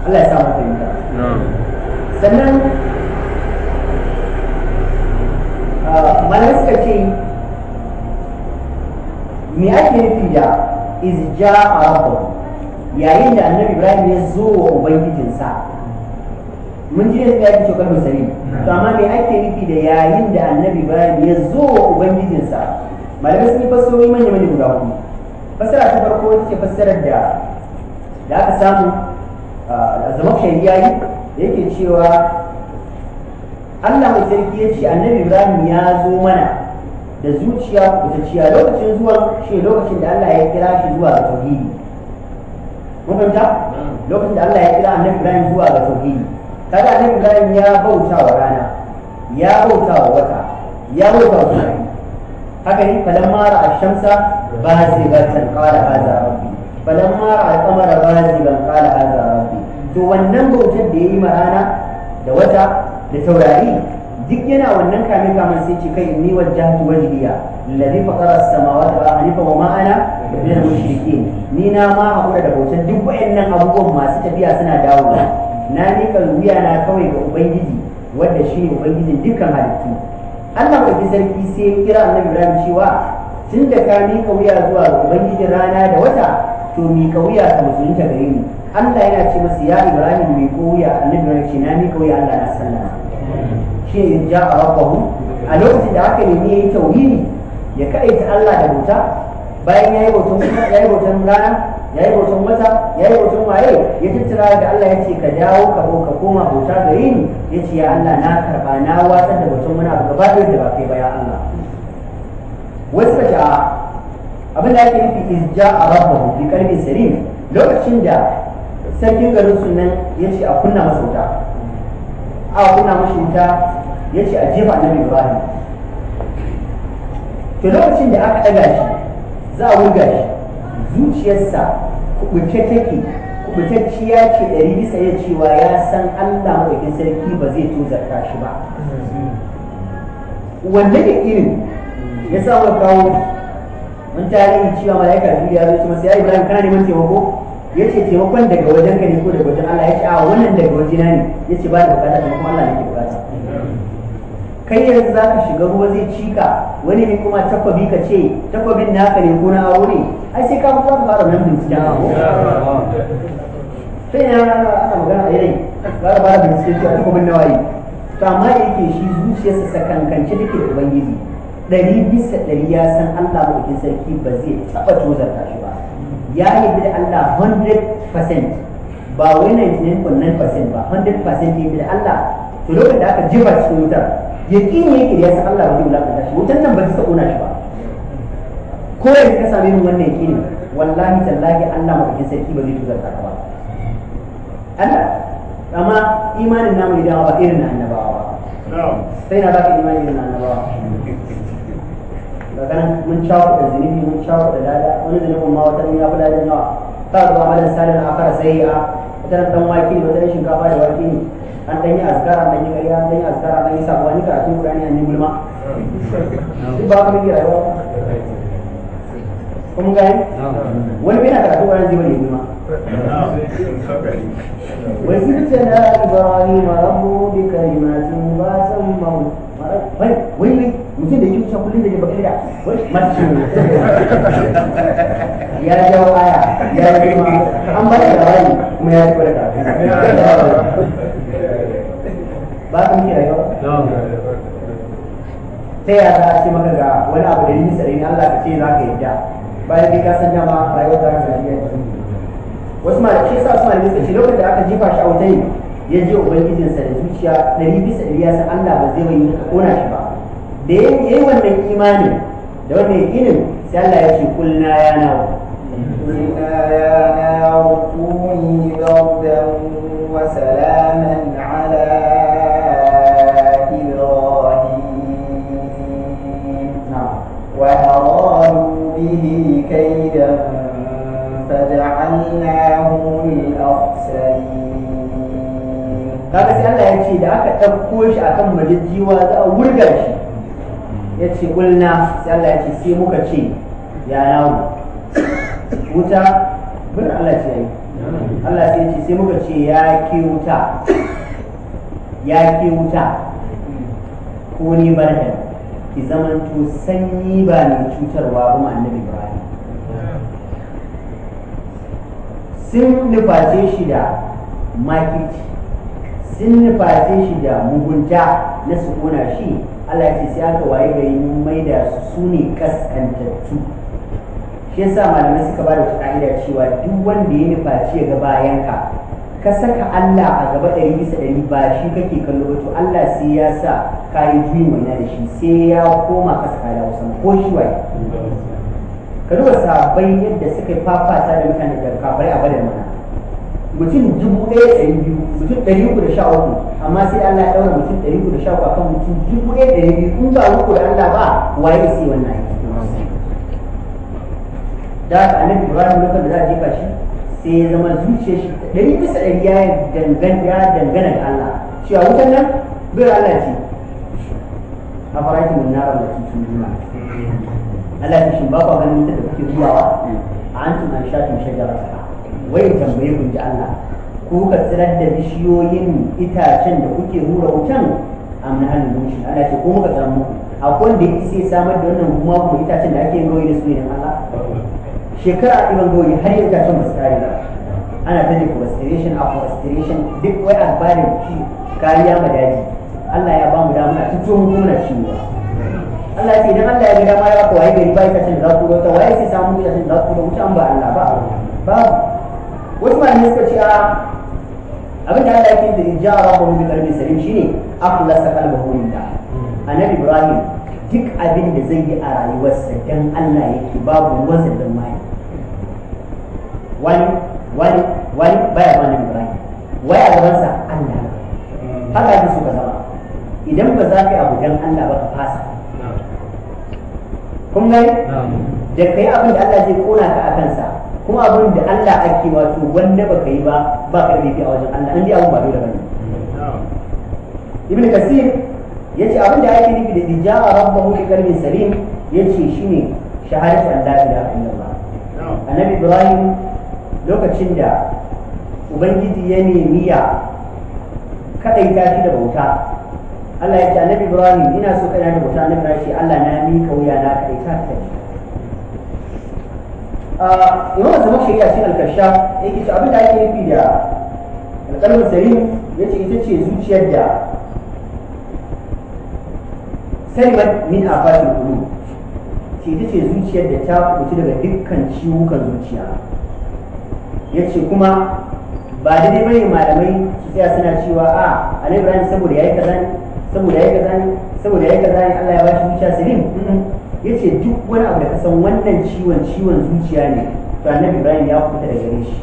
Allah ya samu fahimta sannan malar suka ce me ake nufi da izja a rabbahu yayin da annabi ibrahim ya zo wa ubangijinsa mun ji yadda ake fi cokar musali to amma me ake nufi da yayin da annabi ibrahim ya zo wa ubangijinsa malamai sun yi fassarori manya manya guda hudu fassara ta farko ita ce fassarar da da aka samu zama shari'a yi da yake cewa Allah mai sarki ya ce annabi Ibrahim ya zo mana da zuciya kubutacciya lokacin zuwan shi lokacin da Allah ya kira shi zuwa ga tauhidi mun fahimta lokacin da Allah ya kira annabi Ibrahim zuwa ga tauhidi kada annabi Ibrahim ya bauta wa rana ya bauta wa wata ya bauta wa tsari haka ne falamma ra'a shamsa bazibatan qala hadha rabbi falamma ra'a qamara baziban qala hadha rabbi to wannan bautar da yayi marana da wata da taurari duk yana wannan kame kaman sai ce kai ni wajjahtu wajhiya lillazi fatara as-samawati wa hanifa wa ma ana min ni na ma hakura da bautar duk wayannan abubuwan masu tafiya suna dawowa na mika wuya na kawai ga ubangiji wanda shine ubangijin dukkan halittu Allah mai sarki sai kira annabi Ibrahim cewa tun da ka mika wuya zuwa ga ubangijin rana da wata to miƙa wuya ka musulunta gare ni Allah yana ce masa ya Ibrahim mai koya annabi Ibrahim ce na miƙa wuya Allah na sallama shi ya ja a rabbahu a lokacin da aka nemi yayi tauhidi ya kaɗaita Allah da bauta bayan yayi bautan rana ya yi hoton wata ya yi hoton waye ya tattara da Allah ya ce ka dawo ka ka koma bauta ga yini ya ce ya Allah na karba na watsar da hoton wani abu gaba da ba kai ba ya Allah wasu ja abin da ake nufi izja a rabbahu bi kalbin salim lokacin da sarkin garin sunan ya ce a kunna masa wuta a kunna masa wuta ya ce a jefa annabi ibrahim to lokacin da aka ɗaga shi za a wuga shi zuciyarsa kubuce take kubutacciya ce ɗari bisa ya cewa ya san Allah maɗaukin sarki ba zai zarta shi ba wanda ne irin ya sa wa kawo mun tarihi cewa malaika biyu ya zo masa ya ibrahim kana neman taimako ya ce taimakon daga wajen ka ne ko daga wajen Allah ya ce a wannan daga wajena ne ya ce ba da bukata taimakon Allah ne ke kai yanzu za ka shiga ruwa zai cika wani ne kuma takwabi ka ce takwabin naka ne ko na aure ai sai ka fi za ka fara nan binciken abu sai yana rana ana magana a yanayi za ka fara su cewa takwabin nawa yi to amma da yake shi zuciyarsa sakankance take da ubangiji ɗari bisa ɗari ya san Allah maɗaukin sarki ba zai taɓa tozarta shi ba ya yi da Allah 100% ba wai 99.9% ba 100% ya da Allah to lokacin da aka jefa cikin wutar ya kini yake ya san Allah ba zai shi wutan nan ba ta kona shi ba ko yanzu ka same mu wannan yaqini wallahi tallahi Allah madaukakin sarki ba zai tuzar ka ba Allah amma imanin namu da ba irin na annabawa ba sai na baka imani irin na annabawa daga mun cawo da zunubi mun cawo da dada wani zunubin ma wata ya fi dadan yawa ta zuwa madan salin akara sai a wata dan wake wata shinkafa da wake ne an dan yi azkar an dan yi ƙarya dan yi azkar dan yi sabo an yi karatu Qur'ani an yi gulma duk ba kuma gira ba kun gani wani bai na karatu Qur'ani ji bane gulma وزدت يا إبراهيم ربه بكلمات فأتمه wai wai mutum da yake wuce kullum da jibba kira masu ya jawo aya ya yi kuma an ba da labari kuma ya yi kuma da ba su muke rayuwa ta yaya za a ce maka ga wani abu da yi misali ne Allah ka ce za ka yadda bayan kai ka san dama rayuwar ta ka lafiya ta wasu ma shi sa su ma suka ce lokacin da aka jefa shi a wuta ne ya je ubangijinsa da zuciya ɗari bisa ɗari ya san Allah ba zai yi kona shi ba da ya yi wannan imani da wannan yakinin sai Allah ya ce kulna ya nawo kulna ya nawo kuni bardan wa ce da aka ɗauko shi kan majijiwa za a wurga shi ya ce gulna sai Allah ya ce sai muka ce ya wuta bin Allah ce Allah sai ya ce sai muka ce ya ke wuta ya ke wuta ko ni barhan ki zamanto sanyi ba ni cutarwa ba ma annabi ba. sun nuface shi da makirci sun nuface shi da mugunta na su shi Allah ce sai aka waye yi mai maida su ne kaskantattu shi yasa malamai suka ba da ka'ida cewa duk wanda ya nufaci ya ga bayan ka Ka saka Allah a gaba ɗari bisa ɗari ba shi kake kallo ba to Allah sai ya sa ka yi juyin waina da shi sai ya koma ka saka da wasan ko shi wai ka duba sabai yadda suka fafata da mutane da kafai a bada mana mutum dubu ɗaya da ɗari biyu mutum ɗari uku da sha uku amma sai Allah ya ɗaura mutum ɗari uku da sha uku akan mutum dubu ɗaya da ɗari biyu in ba uku da Allah ba waye ya sai wannan aiki da haka annabi Ibrahim lokacin da za a jefa shi sai ya zama zuciyar shi ɗari bisa ɗari ya dangana da Allah cewa wutan nan bai Allah ce a farashin mun nara da cikin juna Allah ya shi ba ku ganin ta da kuke zuwa a antum an shafin shajara wai tambaye ku ji Allah ku ka tsirar da bishiyoyin itacen da kuke hura wutan amna hannun mushi Allah ce ko muka samu muku akwai wanda yake sai samar da wannan kuma ku itacen da ake gawayi da su ne Allah shekara ibn gawayi har yau itacen ba su kare ba ana ta of afforestation duk wai albarin ba da shi kariya ma daji Allah ya ba mu damar a cikin mu kuma ciwo Allah ce idan Allah ya ga ma ya ba ku waye gari ba itacen da za ku rota waye sai samu itacen da za ku rota ba Allah ba ba wasu malamai suka ce a abin da Allah yake da ja rabbahu bil qalbi salim shine akhlasa qalbahu lillah hmm. annabi ibrahim duk abin da zai yi a rayuwarsa dan Allah yake babu wanda dan mai wani wani wani baya wani ibrahim waya gabansa Allah hmm. haka yake suka zama idan ba za ka yi abu dan Allah ba ka fasa kun gani da kai abin da Allah zai kona ka a kansa kuma abin da Allah ake wato wanda baka yi ba ba ka da a wajen Allah an ji abin ba dole bane ibn kasir yace abin da ake nufi da a rabbahu bi qalbin salim yace shine shahadatu an la ilaha illallah annabi ibrahim lokacin da ubangiji ya nemi ya kadaita shi da bauta Allah ya ce annabi ibrahim ina so kana da bauta na ya Allah na mika wuya na ta ka yawan zama shari'a shi alkasha ya ke abin da ake nufi da alƙalmin sarin ya ce ita ce zuciyar da salimat min afatin kulu ce ita ce zuciyar da ta kuci daga dukkan ciwukan zuciya ya ce kuma ba daidai bane malamai su tsaya suna cewa a alai ibrahim saboda yayi kaza saboda yayi kaza saboda yayi kaza Allah ya ba shi zuciya salim yace duk wani abu da ka san wannan ciwon ciwon zuciya ne to annabi ibrahim ya kuta daga gare shi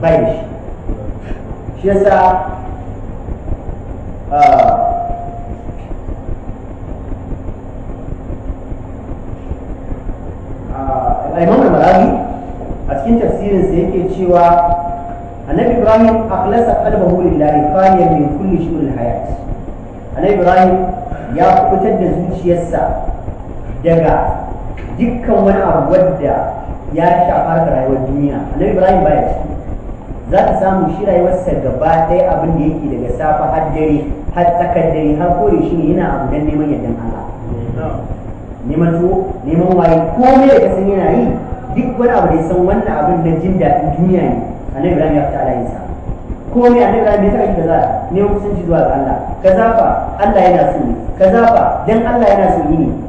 bai shi shi yasa ah, ah, imam al-marawi a cikin tafsirin sa yake cewa annabi ibrahim akhlasa qalbahu lillahi khaliyan min kulli shu'ul hayat annabi ibrahim ya kubutar da zuciyarsa daga dukkan wani abu wadda ya shafa da rayuwar duniya annabi ibrahim baya ciki za ta samu shi rayuwarsa gaba ɗaya abin da yake daga safa har dare har tsakar dare har kore shi ne yana abu don neman yardan allah neman tuwo neman waye me da kasan yana yi duk wani abu da ya san wannan abin na jin daɗin duniya ne annabi ibrahim ya fita ala yin sa komai annabi ibrahim ya taɓa shi kaza neman kusanci zuwa ga allah kaza fa allah yana so ne kaza fa dan allah yana so ne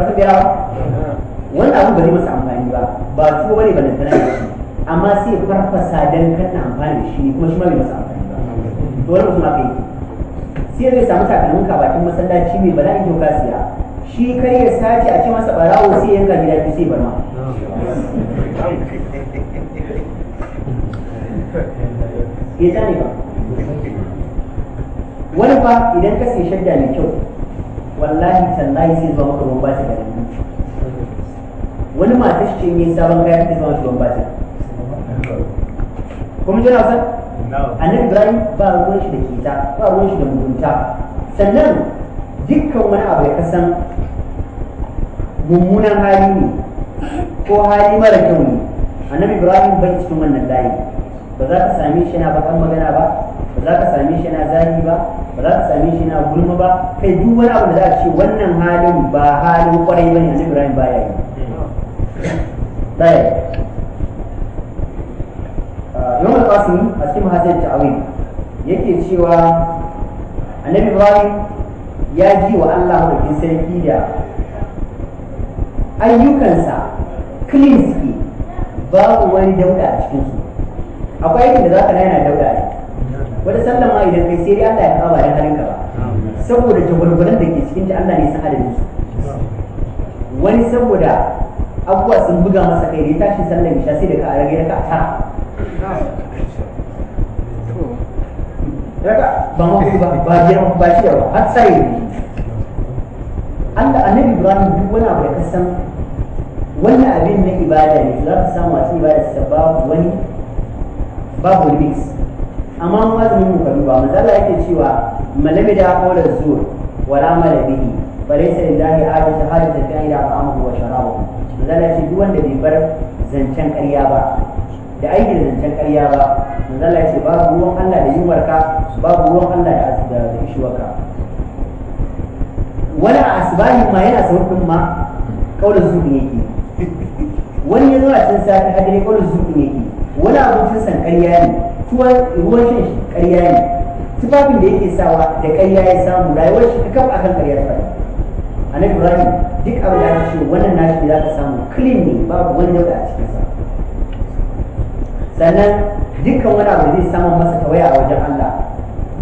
ka berawa wannan abu ba zai masa amfani ba ba su ne ba na lantana ne amma sai farfasa dan kanna amfani da shi kuma shi ma bai masa amfani ba to wani mutum aka yi sai zai samu takalmin ka bakin masallaci mai bala'i kyau kasiya shi kai ya sace a ce masa barawo sai yanka gida biyu sai barma ya ne ba wani fa idan ka sai shadda mai kyau wallahi sallahi sai zuwa maka ruwan bata gari wani mata shi ne sabon kaya take zuwa ruwan bata kuma jira san annabi ibrahim ba ruwan shi da kita ba ruwan shi da mugunta sannan dukkan wani abu ya kasan mummunan hali ne ko hali mara kyau ne annabi ibrahim bai cikin wannan layi ba za ka same shi na bakan magana ba ba za ka same shi na zagi ba ba za su same shi na gulma ba kai duk wani abu da za a ce wannan halin ba halin kwarai ba ne ibrahim ba ya yi ɗaya yau da a cikin ta'awin yake cewa annabi ibrahim ya ji wa allah mafi sarki da ayyukansa clean suke babu wani dauda a cikinsu akwai aikin da za ka na yana dauda ne wata sallama idan kai sai dai Allah ya kawo da halinka ba saboda jagwalgwalan da ke cikin ta Allah ne san adadin su wani saboda abubuwa sun buga masa kai ne tashi sallan isha sai da ka rage raka ta raka ba ma ba ba biyar ba shi ba har sai Allah annabi Ibrahim duk wani abu da ka san wani abin na ibada ne za ka samu a cikin ibada babu wani babu mix amma mu azumin mu kan ba mazalla yake cewa malami da qawla zuwa wala malabihi falaysa lillahi ajatu hajatu kai da amma wa sharabu mazalla yake duk wanda bai bar zancen ƙarya ba da aikin zancen ƙarya ba mazalla yake babu ruwan Allah da yiwarka babu ruwan Allah da azza da ishuwarka wala asbahi ma yana sauƙin ma qawla zuwa yake wani ya zo a cikin sati hadari qawla zuwa yake wani abincin san ƙarya ne ruwan shan shi ƙarya ne tufafin da yake sawa da ƙarya ya samu rayuwar shi kakaf akan ƙarya a annabi ibrahim duk abin da aka ce wannan nashi za ka samu clean ne babu wani dauda a cikinsa sannan dukkan wani abu zai samun masa tawaya a wajen allah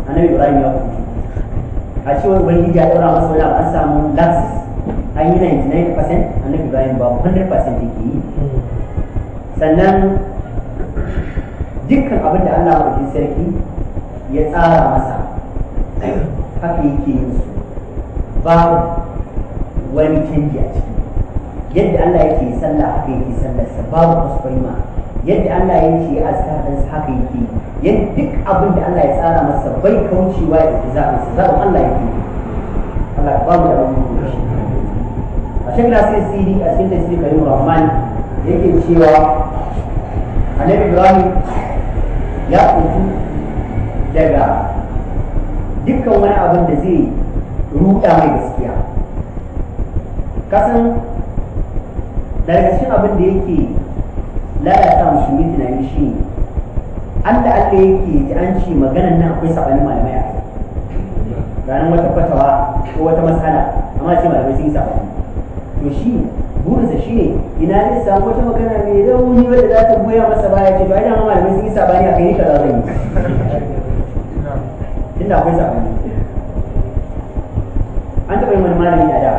a annabi ibrahim ya hukunci a cewar ubangiji ya ɗaura masa wani abu an samu lapses an yi 99% annabi ibrahim babu 100% yake yi sannan dukkan abin da Allah mai sarki ya tsara masa haka yake yin su babu wani canji a ciki yadda Allah yake sallah haka yake sallar sa babu kuskurima yadda Allah yake azkar din haka yake yadda duk abin da Allah ya tsara masa bai kaucewa ya tafi zaɓin sa zaɓin Allah yake Allah ba mu da wani shi a shekara sai siri a cikin tasiri karim rahman yake cewa annabi ibrahim ya kuntu daga dukkan wani abin da zai ruɗa mai gaskiya kasan daga cikin abin da yake lalata musulmi tunani shi ne an da yake ji an ce maganan nan akwai saɓanin malamai a kai ranar wata fatawa ko wata matsala amma ce malamai sun yi saɓani to shi burinsa ne ina zai samu wata magana mai rauni wadda za ta goya masa baya ce to ai malamai sun yi sabani a kai kaza zan yi inda akwai sabani an taɓa yi wani malami a da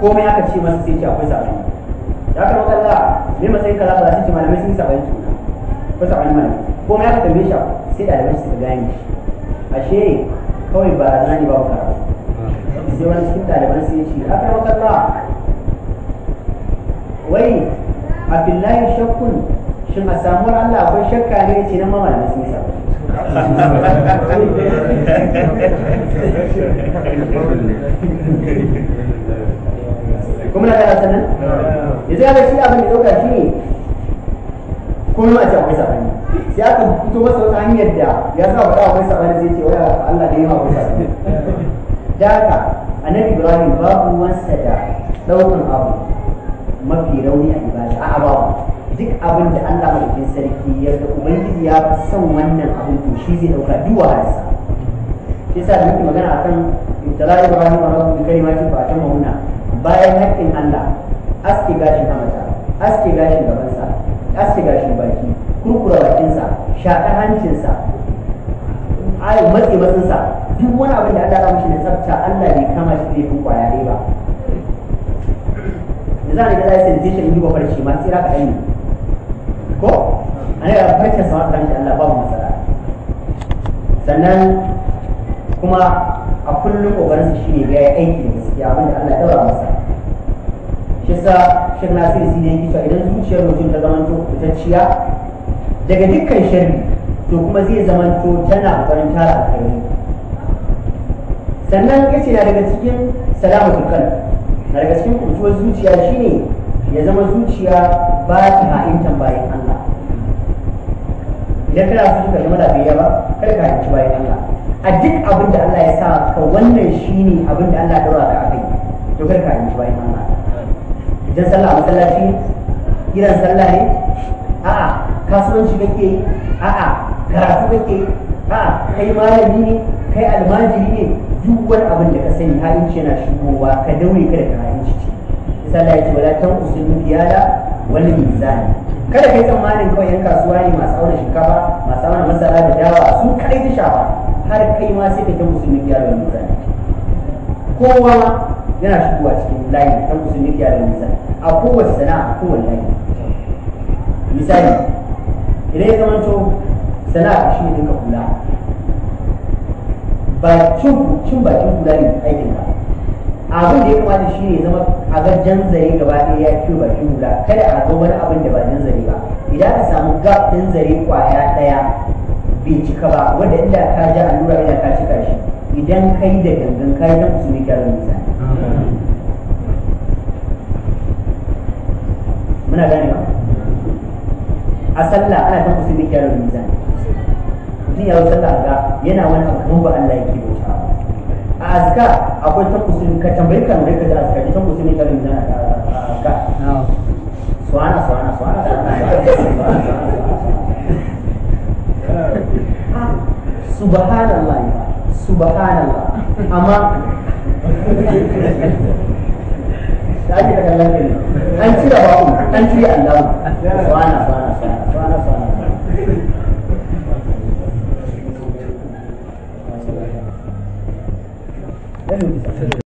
komai aka ce masa sai ce akwai sabani ya kama kalla me matsayin kaza ba sai ce malamai sun yi sabani tuna ko sabani malamai komai aka tambaye shi sai alamai su gane shi ashe kawai ba zani ba karatu sai wani cikin ɗaliban sai ya ce a kai wakalla wai shakkun shin a samuwar allah akwai shakka ne ya ce mama da sa kuma na kada sanan yanzu ya shi abin da ɗauka shi ne kuma a ce akwai sabani sai aka fito masa wata hanyar da ya sa faɗa akwai sabani zai ce waya Allah da yawa akwai sabani da haka annabi ibrahim babu wansa da daukan abu mafi rauni a ibada a abawa duk abin da allah madaukin sarki ya ga ubangiji ya fi son wannan abin to shi zai dauka duwa hansa shi sa da muke magana akan ibtala ibrahim rabbu bi kalimatin fa atamma mauna bayan haƙƙin allah aske gashin hamata aske gashin gabansa aske gashin baki kurkura bakinsa shaƙa hancinsa matse matsinsa duk wani abin da Allah mashi da tsafta Allah bai kama shi ne kuma kwaya ba da za a riga zai sai shi yi bakwai shi ma tsira kaɗan ne ko a ne ga farcen sama da shi Allah babu matsala sannan kuma a kullum ƙoƙarin su shi ne ya yi aiki da gaskiya abin da Allah ya ɗaura masa shi sa shi na sai ne yake idan zuciyar mutum ta ta fitacciya daga dukkan sharri to kuma zai to tana ƙoƙarin tara alkhairi sannan ya ce na daga cikin salamatul kan na daga cikin kutuwar zuciya shine ya zama zuciya ba ta ha'in bayan Allah idan kana so ka zama lafiya ba kar ka ha'inci bayan Allah a duk abin da Allah ya sa ka wannan shine abin da Allah ya daura ka kai to kar ka ha'inci bayan Allah idan sallah masallaci gidan sallah ne a'a kasuwanci kake a'a karatu kake a'a kai malami ne kai almajiri ne duk wani abin da ka sani ha'inci yana shigowa ka daure kada ka ha'inci ce misali ya ce wala tan usulun biyada wani mizani kada kai tsammanin kawai yan kasuwa ne masu auna shinkafa masu auna masara da dawa su kai ta shafa har kai ma sai ka ta musulmi biyada wani mizani kowa yana shigowa cikin layi tan usulun biyada wani mizani a kowace sana'a a kowace layi misali idan ya zamanto sana'a shi ne duka kula bakin ku cin bakin kula ne aikin ka abin da ya kamata shi ne zama a ga janzare gaba ɗaya ya kiwo bakin kula kada a zo wani abin da ba janzare ba idan ka samu gab ɗin zare kwaya ɗaya bai cika ba wanda inda ka ja allura ina ka cika shi idan ka yi da gangan ka yi da kusuri ne rami nisa muna gane ba a sallah ana don kusuri ne rami nisa ni ya wuce ga yana wani abu kuma ba Allah yake bauta a azka akwai ta kusurin ka tambayi kan rai da azka ta kusuri ka rinjin a azka suwana suwana suwana ah, subhanallah subhanallah amma da ake da kallon an cire ba'u an cire allahu suwana suwana suwana suwana 哎。